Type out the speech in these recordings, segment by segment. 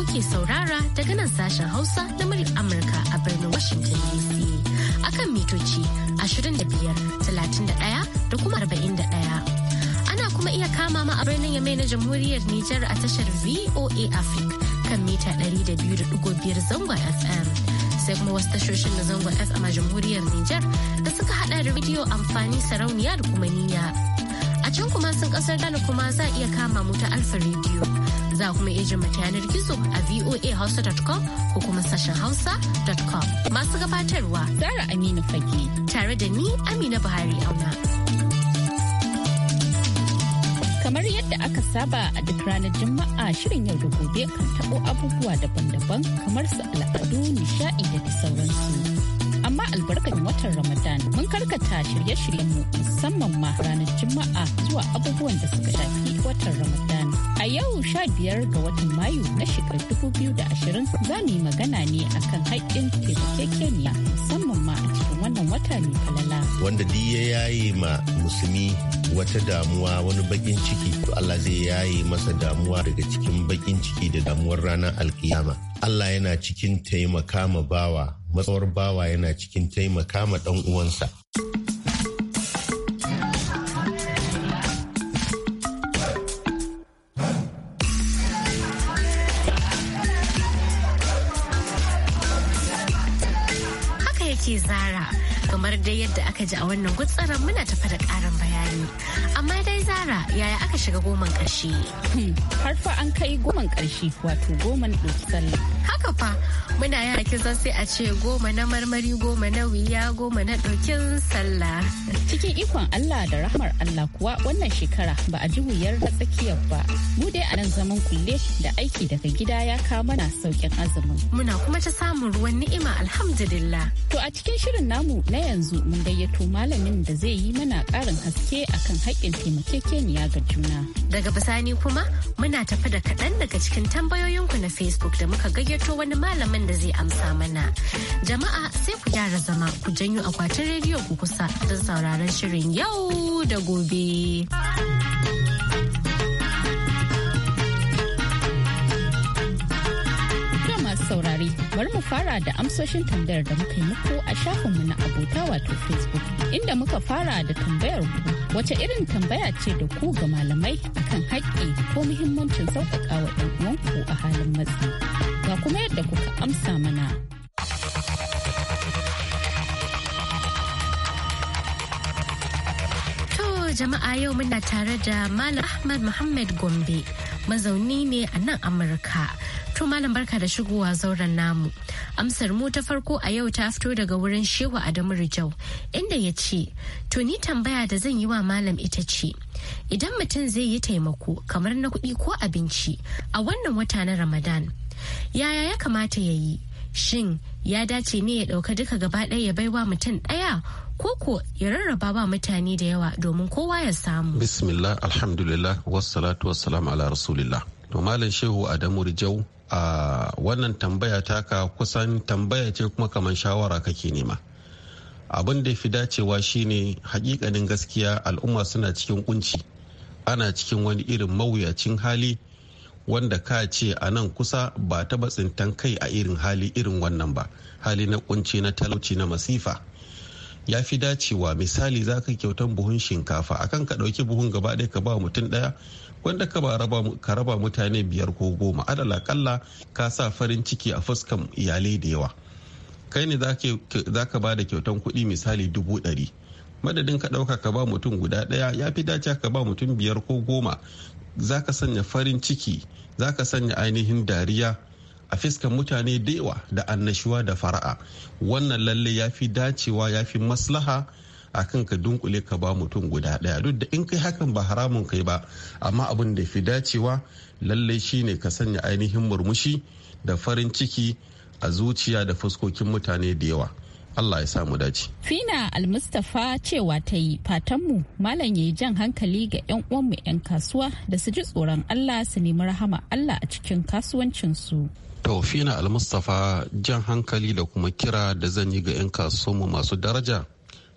kuke saurara daga nan sashen Hausa na muryar Amurka a birnin Washington DC. Akan mitoci 25,31 da kuma 41. Ana kuma iya kama ma a birnin Yamai na Jamhuriyar Nijar a tashar VOA Africa kan mita 200.5 zangon FM. Sai kuma wasu tashoshin na zangon FM a Jamhuriyar Nijar da suka hada da rediyo amfani sarauniya da kuma niyya. A can kuma sun kasar Ghana kuma za a iya kama mu ta Alfa rediyo za kuma iya mata yanar gizo a voahausa.com ko kuma sashen hausa.com. Masu gabatarwa Zara Aminu Fage tare da ni Amina Buhari Auna. Kamar yadda aka saba a duk ranar Juma'a shirin yau da gobe kan taɓo abubuwa daban-daban kamar su al'adu, nishaɗi da sauransu. amma albarkar watan ramadan mun karkata shirye-shiryenmu musamman ma ranar juma'a zuwa abubuwan da suka shafi watan ramadan A yau sha biyar ga watan Mayu na shekarar ashirin za mu yi magana ne akan haƙƙin taimakekeniya musamman ma a cikin wannan wata ne falala. Wanda duk ya yaye ma musulmi wata damuwa wani bakin ciki to Allah zai yaye masa damuwa daga cikin bakin ciki da damuwar ranar alkiyama. Allah yana cikin taimaka ma bawa, matsawar bawa yana cikin taimaka ma ɗan uwansa. ce Zara kamar dai yadda aka ji a wannan gutsaran muna tafa da karin bayani. Amma dai Zara yaya aka shiga goman ƙarshe? Hmm, harfa an kai goman ƙarshe wato goman ɗauki sallah. haka fa muna yi hakizan sai a ce goma na marmari goma na wuya goma na ɗaukin sallah. Cikin ikon Allah da rahmar Allah kuwa wannan shekara ba a ji wuyar da tsakiyar ba. Mu dai a nan zaman kulle da aiki daga gida ya kawo mana sauƙin azumin. Muna kuma ta samun ruwan ni'ima alhamdulillah. To a cikin shirin namu na yanzu mun gayyato malamin da zai yi mana ƙarin haske akan haƙƙin taimakekeniya ga juna. Daga bisani kuma muna tafi da kaɗan daga cikin tambayoyinku na Facebook da muka gayyato gayyato wani malamin da zai amsa mana. Jama'a sai ku gyara zama ku janyo akwatin rediyo ku kusa don sauraron shirin yau da gobe. saurare bari mu fara da amsoshin tambayar da muka yi muku a shafinmu na abota wato facebook inda muka fara da tambayar ku wace irin tambaya ce da ku ga malamai akan haƙƙi ko muhimmancin sauƙaƙa wa ɗan uwanku a halin matsi ga kuma yadda kuka amsa mana jama'a yau muna tare da Malam Ahmad Muhammad Gombe mazauni ne a nan Amurka To malam barka da shigowa zauren namu. Amsar mu ta farko a yau ta fito daga wurin Shehu Adamu Rijau inda ya ce, "To ni tambaya da zan yi wa malam ita ce, idan mutum zai yi taimako kamar na kuɗi ko abinci a wannan wata na Ramadan, yaya ya kamata ya yi? Shin ya dace ne ya ɗauka duka gaba ɗaya ya wa mutum ɗaya koko ya rarraba ba mutane da yawa domin kowa ya samu. Bismillah, alhamdulillah, wassalatu wassalamu ala rasulillah. To Malam Shehu Adamu Rijau a wannan tambaya taka kusan tambaya ce kuma kamar shawara kake nema abin da fi dacewa shine hakikanin gaskiya al'umma suna cikin kunci ana cikin wani irin mawuyacin hali wanda ka ce a nan kusa ba taba tsintan kai a irin hali irin wannan ba hali na kunci na talauci na masifa ya fi dacewa misali za ka kyautan buhun shinkafa akan ka ɗauki buhun gaba ɗaya ka ba mutum ɗaya wanda ka ba raba mutane biyar ko goma adala kalla ka sa farin ciki a fuskan iyalai da yawa kai ne za ka ba da kyautan kuɗi misali dubu ɗari madadin ka ɗauka ka ba mutum guda ɗaya ya fi dace ka ba mutum biyar ko goma za ka sanya farin ciki za ka sanya ainihin dariya a fiskan mutane da yawa da annashuwa da fara'a wannan lalle ya fi dacewa ya fi maslaha akan ka dunkule ka ba mutum guda daya duk da in kai hakan ba haramun kai ba amma abin da fi dacewa lallai shine ka sanya ainihin murmushi da farin ciki a zuciya da fuskokin mutane da yawa Allah ya samu dace. Fina Almustafa cewa ta yi fatanmu malam ya yi jan hankali ga 'yan uwanmu 'yan kasuwa da su ji tsoron Allah su nemi rahama Allah a cikin kasuwancinsu. To Fina Almustafa jan hankali da kuma kira da zan yi ga 'yan kasuwanmu masu daraja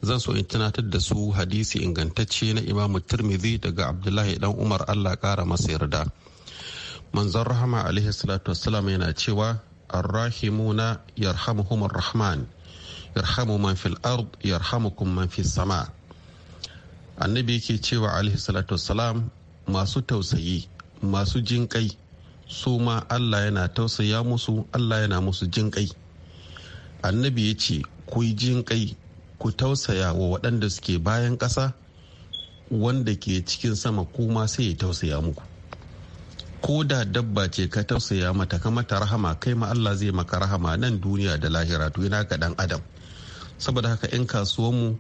zan so in tunatar da su hadisi ingantacce na imamu Turmizi daga abdullahi dan umar allah kara masa yarda manzon rahama alaihi salatu wassalam yana cewa arrahimuna yarhamuhumur rahman yarhamu man fil ard yarhamukum man fis sama annabi yake cewa alaihi salatu wassalam masu tausayi masu jin kai su ma allah yana tausaya musu allah yana musu jinƙai annabi ya ce ku yi kai ku tausaya wa waɗanda suke bayan ƙasa wanda ke cikin sama kuma sai ya tausaya muku ko da dabba ce ka tausaya mata ka mata rahama kai ma Allah zai maka rahama nan duniya da lahira to ina ka dan adam saboda haka in kasuwan mu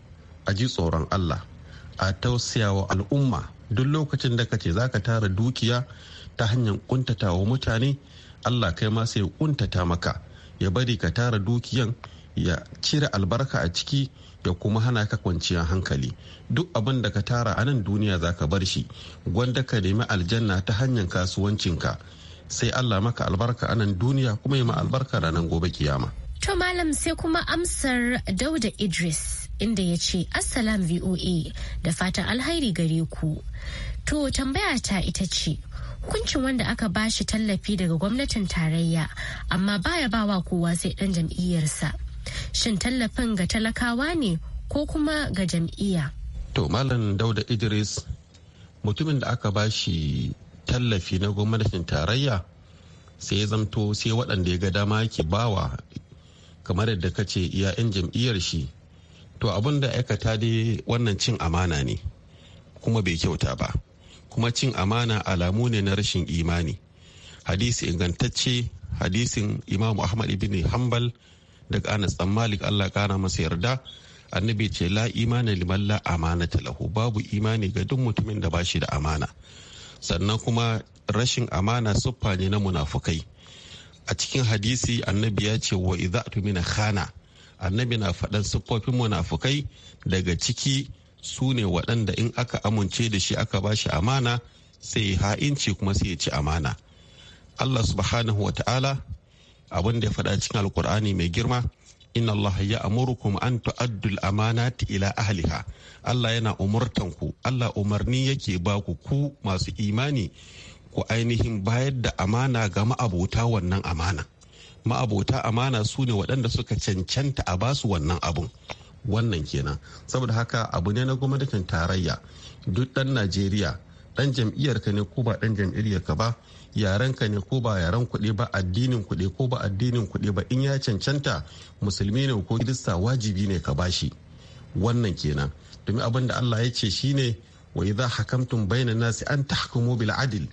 a ji tsoron Allah a tausaya wa al'umma duk lokacin da kace zaka tara dukiya ta hanyar kuntatawa mutane Allah kai ma sai kuntata maka ya bari ka tara dukiyan ya cire albarka a ciki ya kuma hana ka kwanciyar hankali duk abin da ka tara a nan duniya za ka bar shi gwanda ka nemi aljanna ta hanyar kasuwancinka sai allah maka albarka a nan duniya kuma yi ma albarka ranar gobe kiyama to malam sai kuma amsar dauda idris inda ya ce assalam voa da fatan alhairi gare ku to tambaya ta ita ce hukuncin wanda aka ba shi tallafi daga gwamnatin tarayya amma baya bawa kowa sai dan jam'iyyarsa shin tallafin ga talakawa ne ko kuma ga jam'iyya. To Malam Dauda Idris mutumin da aka ba shi tallafi na gwamnatin tarayya sai ya zamto sai waɗanda ya ga dama yake bawa kamar yadda ka ce iya 'yan jam'iyyar shi to abin da aikata dai wannan cin amana ne kuma bai kyauta ba kuma cin amana alamu ne na rashin imani hadisi ingantacce hadisin imamu ahmad ibn hanbal daga anas dan malik allah kara masa yarda annabi ce la imani limalla la amana lahu babu imani ga duk mutumin da bashi da amana sannan kuma rashin amana siffa ne na munafukai a cikin hadisi annabi ya ce wa idza tumina khana annabi na faɗan siffofin munafukai daga ciki su ne waɗanda in aka amince da shi aka bashi amana sai ha'inci kuma sai ya ci amana Allah subhanahu wa ta'ala abin da ya faɗa cikin alkur'ani mai girma inna Allah ya amurukum an tu'addul amanati ila ahliha Allah yana umurtan ku Allah umarni yake ba ku ku masu imani ku ainihin bayar da amana ga ma'abota wannan amana ma'abota amana su ne waɗanda suka cancanta a basu wannan abun wannan kenan saboda haka abu ne na gwamnatin tarayya duk ɗan Najeriya ɗan jam'iyyarka ne ko ba ɗan jam'iyyarka ba yaren ka ne ko ba yaren kuɗi ba addinin kuɗi ko ba addinin kuɗi ba in ya cancanta musulmi ne ko kirista wajibi ne ka bashi wannan kenan domin abin da Allah ya ce shine wa idza hakamtum bainan nasi an tahkumu bil adil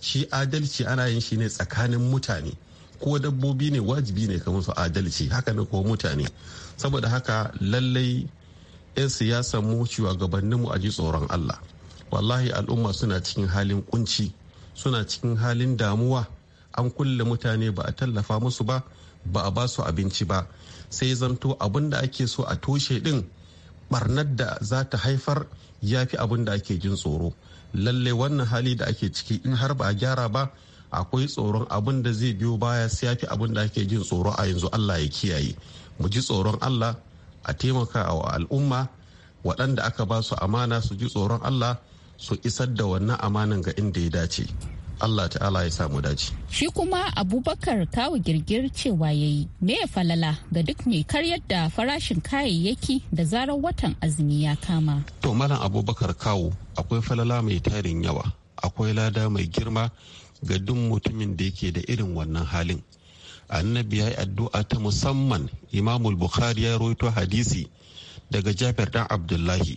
shi adalci ana yin shi ne tsakanin mutane ko dabbobi ne wajibi ne ka musu adalci haka ne ko mutane saboda haka lallai 'yan siyasan mu shugabanninmu a ji tsoron Allah wallahi al'umma suna cikin halin kunci suna cikin halin damuwa an kulle mutane ba a tallafa musu ba ba a ba su abinci ba sai zanto abin da ake so a toshe din barnar da za ta haifar ya fi abin da ake jin tsoro lalle wannan hali da ake ciki in har ba a gyara ba akwai tsoron abin da zai biyo baya sai ya fi abin da ake jin tsoro a yanzu allah ya kiyaye mu ji tsoron allah a taimaka wa al'umma waɗanda aka ba su amana su ji tsoron allah su isar da wannan amanan ga inda ya dace Allah ta'ala ya samu dace. Shi kuma Abubakar kawo girgir cewa ya yi me ya falala ga duk mai karyar da farashin kayayyaki da zarar watan azumi ya kama. To malam Abubakar kawo akwai falala mai tarin yawa akwai lada mai girma ga duk mutumin da yake da irin wannan halin. Annabi ya yi addu'a ta musamman Imamul Bukhari ya hadisi daga Jafar dan Abdullahi.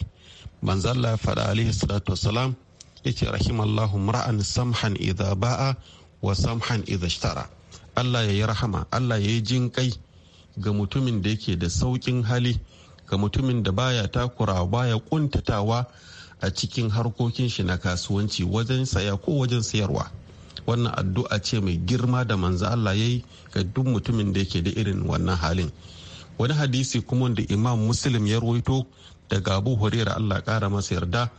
Manzalla Allah faɗa alaihi salatu ce yace rahimallahu mura'an samhan idan ba'a wa samhan idan shtara Allah ya yi rahama Allah ya yi jin kai ga mutumin da yake da saukin hali ga mutumin da baya takura, baya kuntatawa a cikin harkokin shi na kasuwanci wajen saya ko wajen sayarwa wannan addu'a ce mai girma da manzo Allah ya yi ga duk mutumin da yake da irin wannan halin wani hadisi kuma da imam muslim ya rawaito daga abu hurera allah kara masa yarda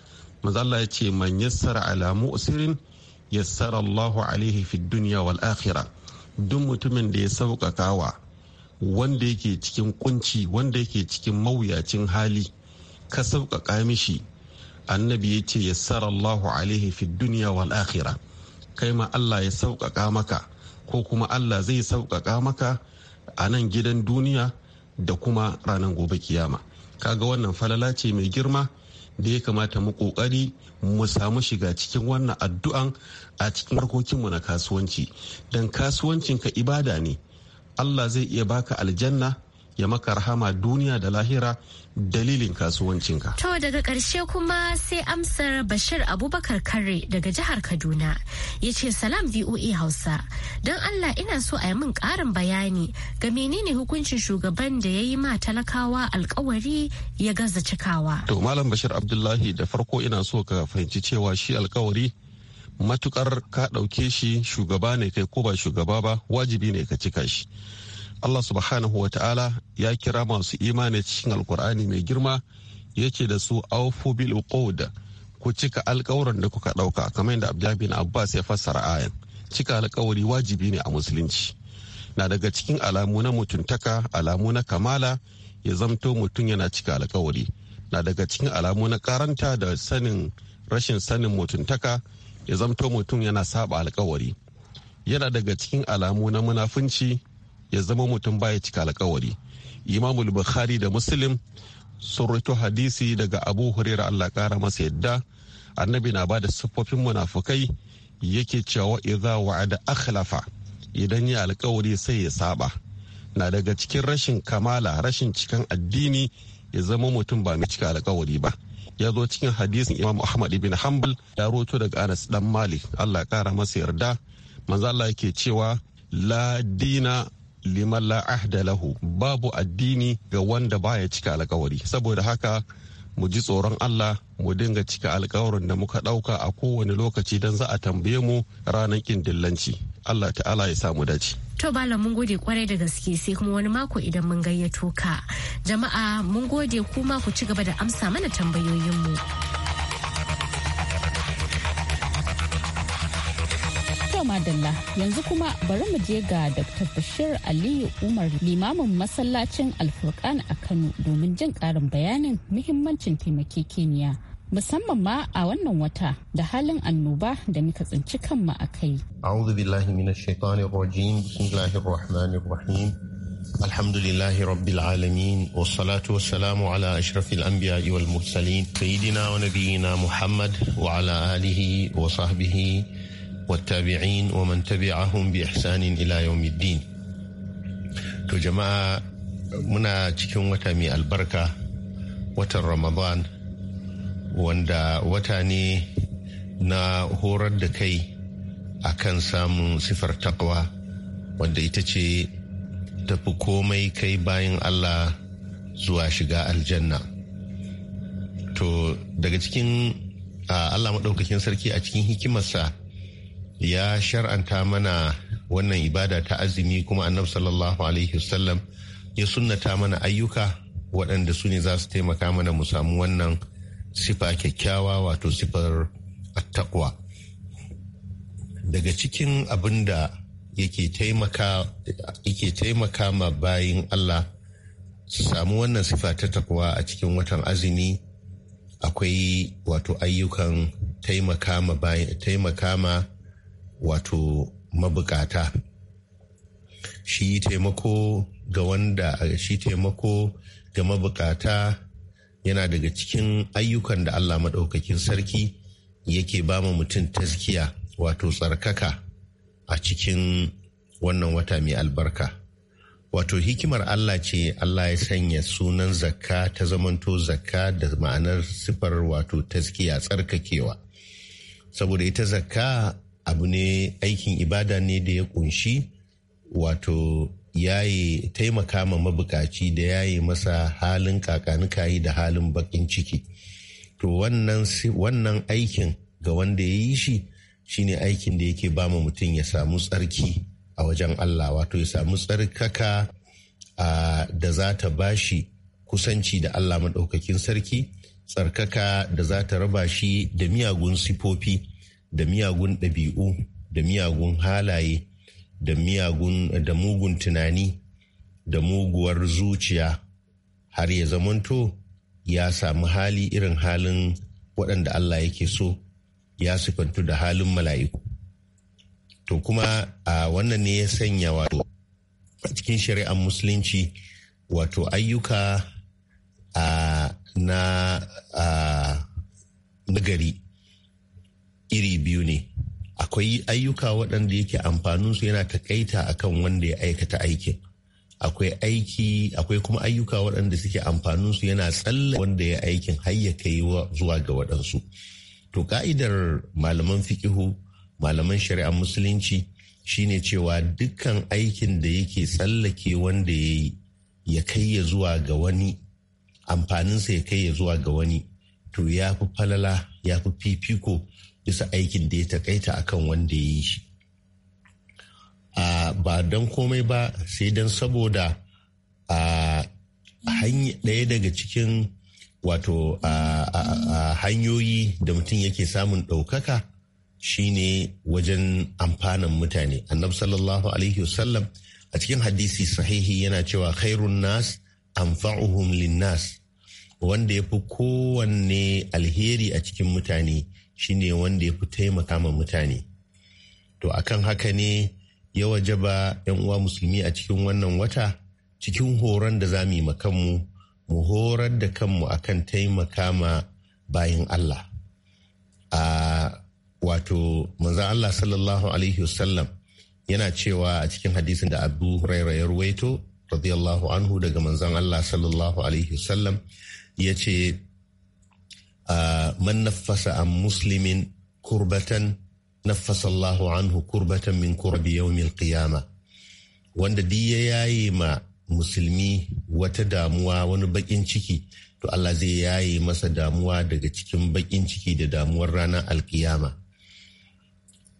maza allah ya ce man yassara alamu usirin yassara allahu alaihi fi duniya wal akhira duk mutumin da ya sauƙaƙa wa wanda yake cikin kunci wanda yake cikin mawuyacin hali ka sauƙaƙa mishi annabi ya ce yassara allahu alaihi fi duniya wal akhira kai ma allah ya sauƙaƙa maka ko kuma allah zai sauƙaƙa maka a nan gidan duniya da kuma ranar gobe kiyama kaga wannan falala ce mai girma da ya kamata mu kokari mu samu shiga cikin wannan addu'an a cikin harkokinmu na kasuwanci don kasuwancinka ibada ne allah zai iya baka aljanna ya maka rahama duniya da lahira dalilin kasuwancinka. To daga ƙarshe kuma sai amsar Bashir Abubakar Kare daga jihar Kaduna ya ce salam VOA Hausa don Allah ina so a yi min ƙarin bayani ga menene hukuncin shugaban da ya yi ma talakawa alkawari ya gaza cikawa. To Malam Bashir Abdullahi da farko ina so ka fahimci cewa shi alkawari matukar ka ɗauke shi shugaba ne kai ko ba shugaba ba wajibi ne ka cika shi. Allah subhanahu wa ta'ala ya kira masu imani cikin alkur'ani mai girma ya ce da su aufu bil uqud ku cika alkawuran da kuka dauka kamar yadda Abdullahi bin Abbas ya fassara ayan cika alkawari wajibi ne a musulunci na daga cikin alamu na mutuntaka alamu na kamala ya zamto mutum yana cika alkawari na daga cikin alamu na karanta da sanin rashin sanin mutuntaka ya zamto mutum yana saba alkawari yana daga cikin alamu na munafunci ya zama mutum baya cika alkawari imamul bukhari da muslim sun rito hadisi daga abu hurera allah kara masa yadda annabi na ba da siffofin munafukai yake cewa idza wa'ada akhlafa idan ya alkawari sai ya saba na daga cikin rashin kamala rashin cikan addini ya zama mutum ba mai cika alkawari ba ya zo cikin hadisin imam ahmad ibn hanbal ya roto daga anas dan malik allah kara masa yarda manzo allah yake cewa la dina liman la lahu babu addini ga wanda baya cika alkawari saboda haka mu ji tsoron Allah mu dinga cika alkawarin da muka dauka a kowane lokaci don za a tambaye mu ranar kin dillanci Allah ta'ala ya samu dace To Bala mun gode kwarai da gaske sai kuma wani mako idan mun gayyato ka. Jama'a mun gode kuma ku ci gaba da amsa mana tambayoyin mu. madalla yanzu kuma bari mu je ga Dr. Bashir Aliyu Umar limamin masallacin Alfurkan a Kano domin jin karin bayanin muhimmancin taimakekeniya musamman ma a wannan wata da halin annoba da muka tsinci kanmu a kai. A'udhu billahi minash shaitanir rajim. Bismillahir rahmanir rahim. الحمد لله رب العالمين والصلاة والسلام على أشرف الأنبياء والمرسلين سيدنا ونبينا محمد وعلى آله وصحبه والتابعين ومن تبعهم بإحسان إلى يوم الدين to jama'a muna cikin wata mai albarka watan ramadan wanda wata ne na horar da kai a kan samun sifar takwa wanda ita ce tafi komai kai bayan allah zuwa shiga aljanna to daga cikin allah maɗaukakin sarki a cikin hikimarsa ya shar'anta mana wannan ibada ta azumi kuma annabi sallallahu alaihi wasallam ya sunnata mana ayyuka waɗanda su ne za su taimaka mana mu samu wannan sifa kyakkyawa wato sifar attaqwa daga cikin abin da yake taimaka ma bayin Allah su samu wannan sifa ta takwa a cikin watan azumi akwai wato ayyukan taimaka ma wato mabukata shi taimako ga wanda shi taimako ga mabukata yana daga cikin ayyukan da Allah maɗaukakin sarki yake ba mu mutum taskiya wato tsarkaka a cikin wannan wata mai albarka wato hikimar Allah ce Allah ya sanya sunan zakka ta zamanto zakka da ma'anar sifar wato taskiya tsarkakewa saboda ita zakka abu ne aikin ibada ne da ya kunshi wato yi taimaka ma mabukaci da yaye masa halin kakanikayi da halin bakin ciki to wannan aikin ga wanda ya yi shi shine aikin da yake ba mu mutum ya samu tsarki a wajen Allah wato ya samu tsarkaka da za ta shi kusanci da Allah maɗaukakin sarki tsarkaka da za ta raba shi da miyagun sifofi da miyagun ɗabi'u da miyagun halaye da mugun tunani da muguwar zuciya har ya zamanto ya samu hali irin halin waɗanda Allah yake so ya sifantu da halin mala'iku. To kuma a wannan ne ya sanya wato a cikin shari'ar musulunci wato ayyuka a na nagari iri biyu ne akwai ayyuka waɗanda yake amfaninsu yana takaita akan wanda ya aikata aikin akwai aiki akwai kuma ayyuka waɗanda suke amfaninsu yana tsalla wanda ya aikin har ya kai zuwa ga waɗansu to ka'idar malaman fikihu malaman shari'ar musulunci shine cewa dukkan aikin da yake tsallake wanda ya yi ya kai ya zuwa ga wani amfaninsa ya kai ya zuwa ga wani to ya fi falala ya fi fifiko bisa aikin da ya takaita a kan wanda ya yi shi ba don komai ba sai don saboda a hanya ɗaya daga cikin wato hanyoyi da mutum yake samun ɗaukaka shine wajen amfanin mutane annab sallallahu alaihi wasallam a cikin hadisi sahihi yana cewa khairun nas anfa'uhum linnas wanda ya fi kowanne alheri a cikin mutane Shi ne wanda ya fi taimaka ma mutane to akan haka ne ya wajaba 'yan uwa musulmi a cikin wannan wata cikin horon da za mu kanmu mu horar da kanmu akan taimaka ma bayan Allah a wato manzan Allah sallallahu alaihi wasallam yana cewa a cikin hadisin da abu Raira ya ruwaito radiyallahu anhu daga manzan Allah sallallahu alaihi wasallam ya ce man nafasa an muslimin kurbatan nafasa Allahu anhu kurbatan min kurbi yawmil qiyama wanda duk ya yaye ma musulmi wata damuwa wani bakin ciki to Allah zai yaye masa damuwa daga cikin bakin ciki da damuwar ranar alkiyama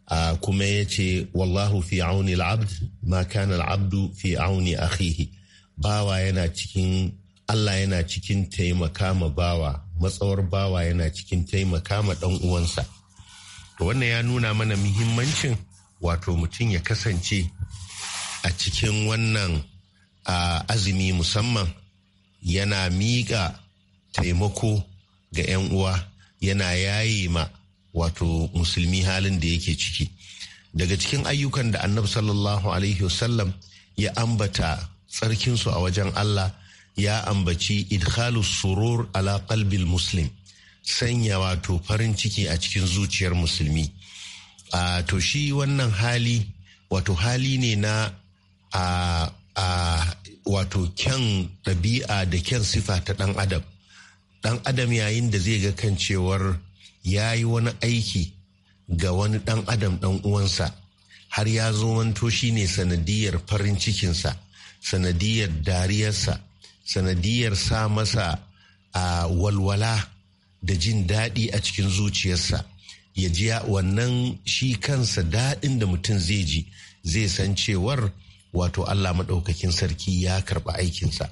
a kuma ya ce wallahu fi auni al'abd ma kana al'abdu fi auni akhihi bawa yana cikin Allah yana cikin taimaka ma bawa matsawar bawa yana cikin taimaka ma ɗan uwansa to wannan ya nuna mana muhimmancin wato mutum ya kasance a cikin wannan azumi musamman yana miƙa taimako ga 'yan uwa yana yaye ma wato musulmi halin da yake ciki daga cikin ayyukan da annabi sallallahu alaihi wasallam ya ambata tsarkinsu a wajen Allah ya ambaci idhalu surur ala qalbil muslim sanya wato farin ciki a cikin zuciyar musulmi a to shi wannan hali wato hali ne na a wato kyan ɗabi'a da kyan sifa ta ɗan adam ɗan adam yayin da zai ga kan cewar ya yi wani aiki ga wani ɗan adam ɗan uwansa har ya zo wanto shi ne sanadiyar farin cikinsa sanadiyar dariyarsa sanadiyar sa masa a walwala da jin daɗi a cikin zuciyarsa ya ji wannan shi kansa daɗin da mutum zai ji zai san cewar wato Allah maɗaukakin sarki ya karɓi aikinsa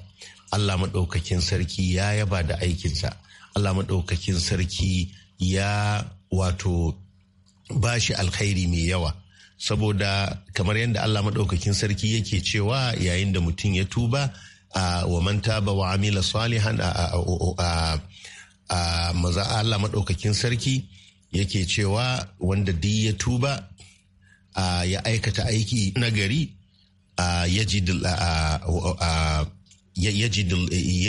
Allah maɗaukakin sarki ya yaba da aikinsa Allah maɗaukakin sarki ya wato ba shi alkhairi mai yawa saboda kamar yadda Allah maɗaukakin sarki yake cewa yayin da mutum ya tuba wa man taba wa amila salihan a maza Allah maɗaukakin sarki yake cewa wanda di ya tuba ya aikata aiki nagari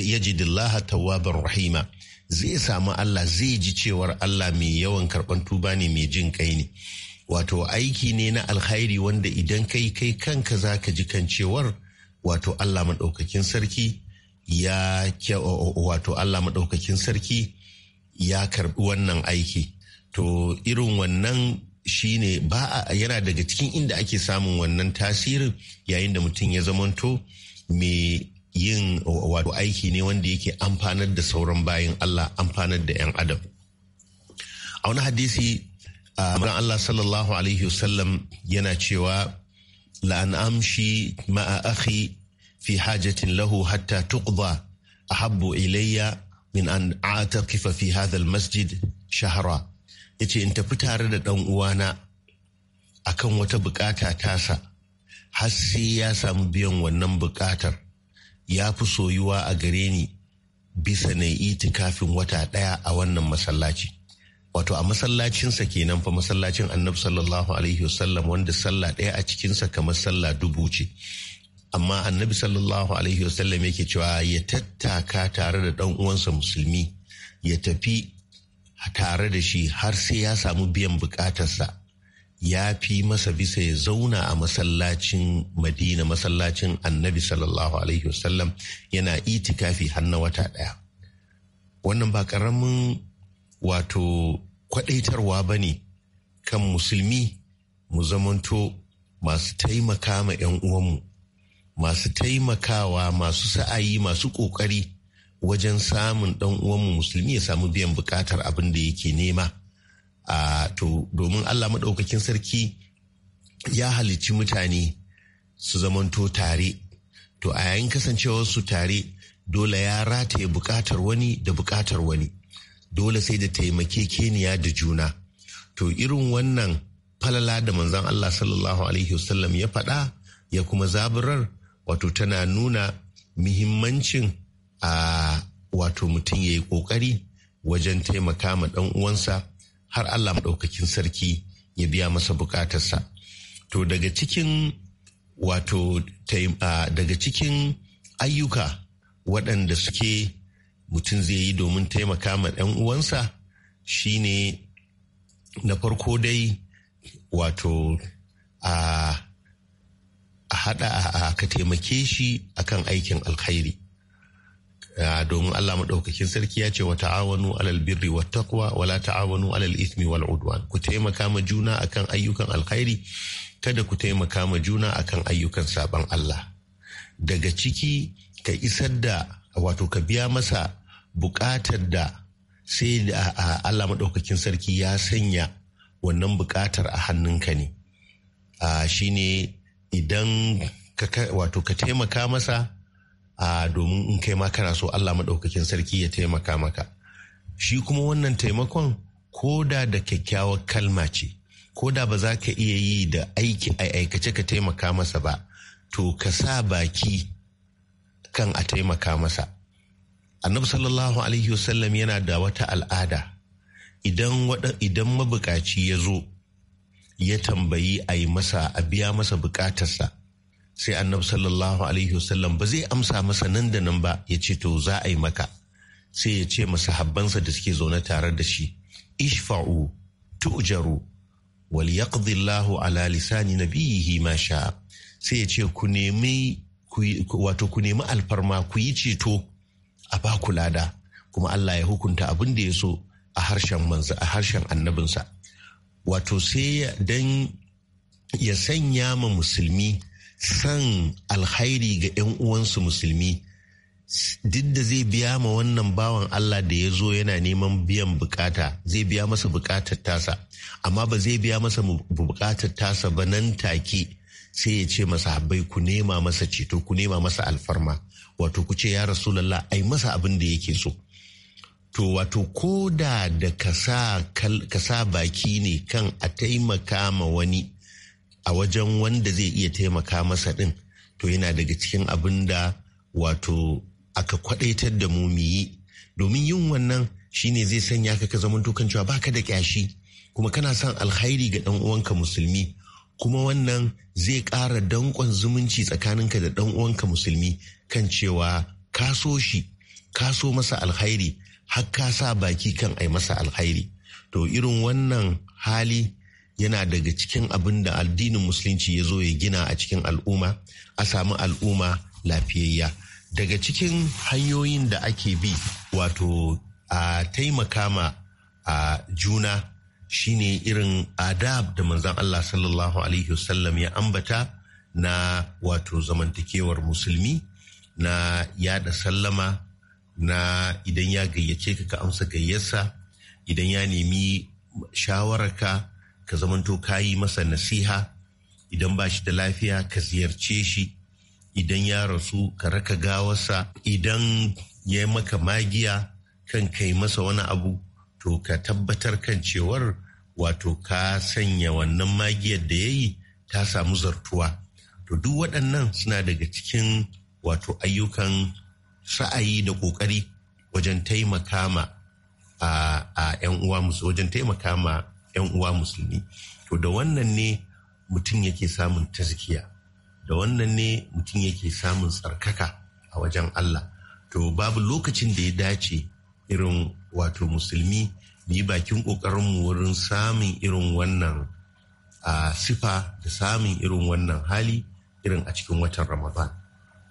yajidillaha tawabar rahima zai samu Allah zai ji cewar Allah mai yawan karɓan tuba ne mai jin kai ne wato aiki ne na alkhairi wanda idan kai kai kanka za ka ji kan cewar wato Allah maɗaukakin sarki ya wato Allah maɗaukakin sarki ya karɓi wannan aiki to irin wannan shine ba a yana daga cikin inda ake samun wannan tasirin yayin da mutum ya zamanto mai yin wato aiki ne wanda yake amfanar da sauran bayan Allah amfanar da 'yan adam a wani hadisi a Allah sallallahu alaihi wasallam yana cewa la'an amshi ma'a akhi fi hajatin lahu hatta tuqda ahabbu ilayya min an atakifa fi hadha masjid shahara yace in tafi tare da dan uwana akan wata bukata tasa har sai ya samu biyan wannan bukatar ya fi soyuwa a gare ni bisa na itikafin wata ɗaya a wannan masallaci wato a masallacinsa kenan fa masallacin annabi sallallahu alaihi wasallam wanda sallah ɗaya a cikinsa kamar sallah dubu ce amma annabi sallallahu alaihi wasallam yake cewa ya tattaka tare da ɗan uwansa musulmi ya tafi tare da shi har sai ya samu biyan bukatarsa ya fi masa bisa ya zauna a masallacin madina masallacin annabi sallallahu alaihi wasallam yana itikafi har na wata ɗaya wannan ba ƙaramin wato kwadaitarwa ba ne kan musulmi mu zamanto masu taimaka ma 'yan uwanmu masu taimakawa masu sa'ayi masu ƙoƙari wajen samun ɗan uwanmu musulmi ya samu biyan buƙatar abin da yake nema a to domin allah maɗaukakin sarki ya halicci mutane su zamanto tare to a yayin kasancewarsu tare dole ya rataye buƙatar wani da buƙatar wani dole sai da taimake keniya da juna to irin wannan falala da manzan Allah sallallahu alaihi wasallam ya faɗa ya kuma zaburar wato tana nuna muhimmancin a wato mutum ya yi ƙoƙari wajen taimaka ma ɗan uwansa har Allah maɗaukakin sarki ya biya masa buƙatarsa. To daga cikin wato daga cikin ayyuka waɗanda suke mutum zai yi domin taimaka ma ɗan uwansa shine na farko dai wato a a ka taimake shi akan aikin alkhairi domin Allah maɗaukakin sarki ya ce wa ta'awanu alal birri wa taqwa wala ta'awanu alal ismi wal udwan ku taimaka ma juna akan ayyukan alkhairi kada ku taimaka ma juna akan ayyukan sabon Allah daga ciki ka isar da wato ka biya masa bukatar da sai da Allah maɗaukakin sarki ya sanya wannan bukatar a hannunka ne shi ne idan wato ka taimaka masa domin in kai ma kana so Allah maɗaukakin sarki ya taimaka maka shi kuma wannan taimakon ko da da kyakkyawar kalma ce ko da ba za ka iya yi da aiki a aikace ka taimaka masa ba to ka sa baki kan a taimaka masa annabi sallallahu alaihi wasallam yana da wata al'ada idan idan mabukaci ya zo ya tambayi a yi masa a biya masa bukatarsa sai annabi sallallahu alaihi wasallam ba zai amsa masa nan da nan ba ya ce to za a yi maka sai ya ce masa habbansa da suke zaune tare da shi ishfa'u tu'jaru wal yaqdi Allahu ala lisani nabiyhi ma sha'a sai ya ce ku nemi wato ku nemi alfarma ku yi ceto a ba ku lada kuma Allah ya hukunta abin da ya so a harshen manzo a harshen annabinsa wato sai dan ya sanya ma musulmi san alhairi ga 'yan uwansu musulmi duk da zai biya ma wannan bawan Allah da ya zo yana neman biyan bukata zai biya masa bukatar tasa amma ba zai biya masa bukatar tasa ba nan take sai ya ce masa habbai ku nema masa ceto ku nema masa alfarma wato ku ce ya lalla ai masa abin da yake so to wato ko da da ka sa baki ne kan a taimaka ma wani a wajen wanda zai iya taimaka masa din to yana daga cikin abin da wato aka kwadaitar da mu yi domin yin wannan shine zai sanya ka ka zaman kan cewa baka da kyashi kuma kana son alkhairi ga dan uwanka musulmi kuma wannan zai ƙara danƙon zumunci tsakaninka da ɗan uwanka musulmi kan cewa ka so shi ka so masa alhairi har ka sa baki kan ai masa alhairi to irin wannan hali yana daga cikin abin da addinin musulunci ya zo ya gina a cikin al'umma a samu al'umma lafiyayya daga cikin hanyoyin da ake bi wato a taimaka ma a juna shine irin adab da manzan Allah sallallahu alaihi wasallam ya ambata na wato zamantakewar musulmi na yada sallama na idan ya gayyace ka ka amsa gayyarsa idan ya nemi shawararka ka zamanto ka yi masa nasiha idan ba shi da lafiya ka ziyarce shi idan ya rasu ka raka gawarsa idan ya yi maka magiya kan kai masa wani abu to ka tabbatar kan cewar wato ka sanya wannan magiyar da ya yi ta samu zartuwa to duk waɗannan suna daga cikin wato ayyukan sa'ayi da ƙoƙari wajen taimaka ma a uwa wajen taimaka ma 'yan uwa musulmi to da wannan ne mutum yake samun tazkiya da wannan ne mutum yake samun tsarkaka a wajen Allah to babu lokacin da ya dace irin wato musulmi mu yi bakin ƙoƙarinmu wurin samun irin wannan a sifa da samun irin wannan hali irin a cikin watan ramadan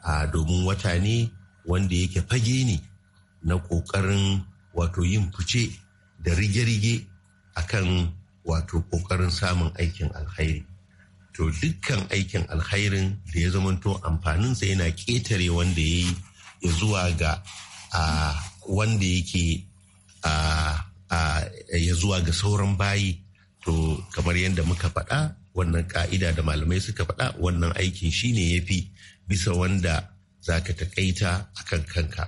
a domin wata ne wanda yake fage ne na ƙoƙarin wato yin fice da rige-rige a kan wato ƙoƙarin samun aikin alhairi to dukkan aikin alhairin da ya zamanto amfaninsa yana ƙetare wanda ya yi zuwa ga wanda yake ya zuwa ga sauran bayi to kamar yadda muka faɗa wannan ka'ida da malamai suka faɗa wannan aikin shine ya fi bisa wanda za ka taƙaita a kan kanka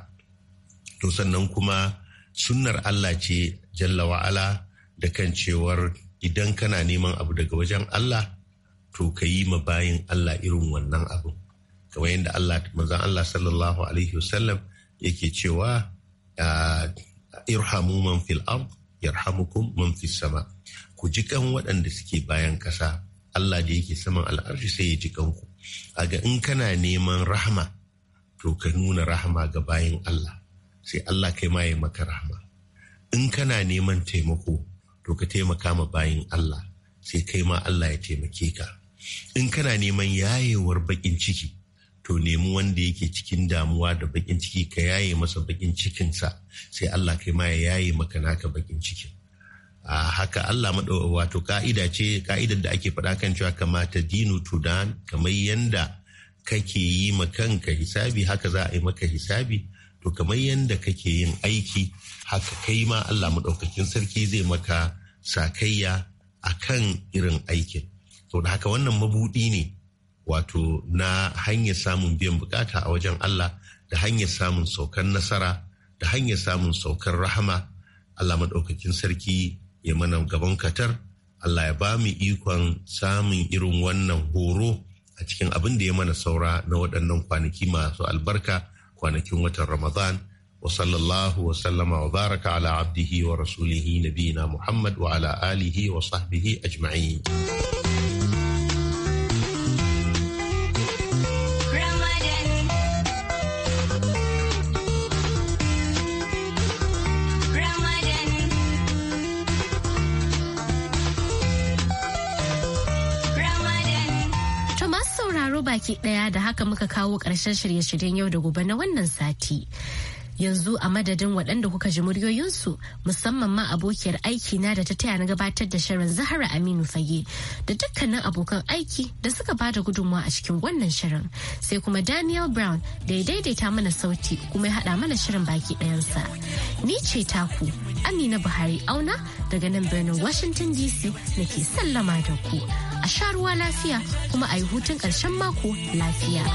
to sannan kuma sunnar Allah ce jalla wa'ala da kan cewar idan kana neman abu daga wajen Allah to ka yi ma bayin Allah irin wannan abu kamar yadda Allah manzon Allah sallallahu alaihi wasallam yake cewa irhamu man fil ard yarhamukum man fis sama ku ji kan waɗanda suke bayan ƙasa Allah da yake saman al'arshi sai ya ji kanku aga in kana neman rahama to ka nuna rahama ga bayan Allah sai Allah kai ma ya maka rahama in kana neman taimako to ka taimaka ma bayan Allah sai kai ma Allah ya taimake ka in kana neman yayewar bakin ciki to nemi wanda yake cikin damuwa da bakin ciki ka yaye masa bakin cikinsa sai Allah kai ma ya yaye maka naka bakin cikin a haka Allah wato ka'ida ce ka'idar da ake faɗa kan cewa kamata dinu tudan kamar yanda kake yi ma kanka hisabi haka za a yi maka hisabi to kamar yanda kake yin aiki haka kai ma Allah maɗaukakin sarki zai maka sakayya a kan irin aikin to da haka wannan mabuɗi ne wato na hanyar samun biyan bukata a wajen Allah da hanyar samun saukar nasara da hanyar samun saukar rahama Allah maɗaukakin sarki ya mana gaban katar Allah ya ba mu ikon samun irin wannan horo a cikin abin da ya mana saura na waɗannan kwanaki masu albarka kwanakin watan Ramadan wa sallallahu wa sallama wa baraka ala abdihi wa rasulihi nabiyina Muhammad wa ala alihi wa sahbihi ajma'in. baki daya da haka muka kawo karshen shirye-shiryen yau da gobe na wannan sati yanzu a madadin waɗanda kuka ji muryoyinsu musamman ma abokiyar aiki na da ta taya na gabatar da shirin zahara aminu fage da dukkanin abokan aiki da suka ba da gudunmawa a cikin wannan shirin sai kuma daniel brown da ya daidaita mana sauti kuma ya haɗa mana shirin baki ɗayansa ni ce taku amina buhari auna daga nan birnin washington dc na ke sallama da ku a sha ruwa lafiya kuma a yi hutun ƙarshen mako lafiya.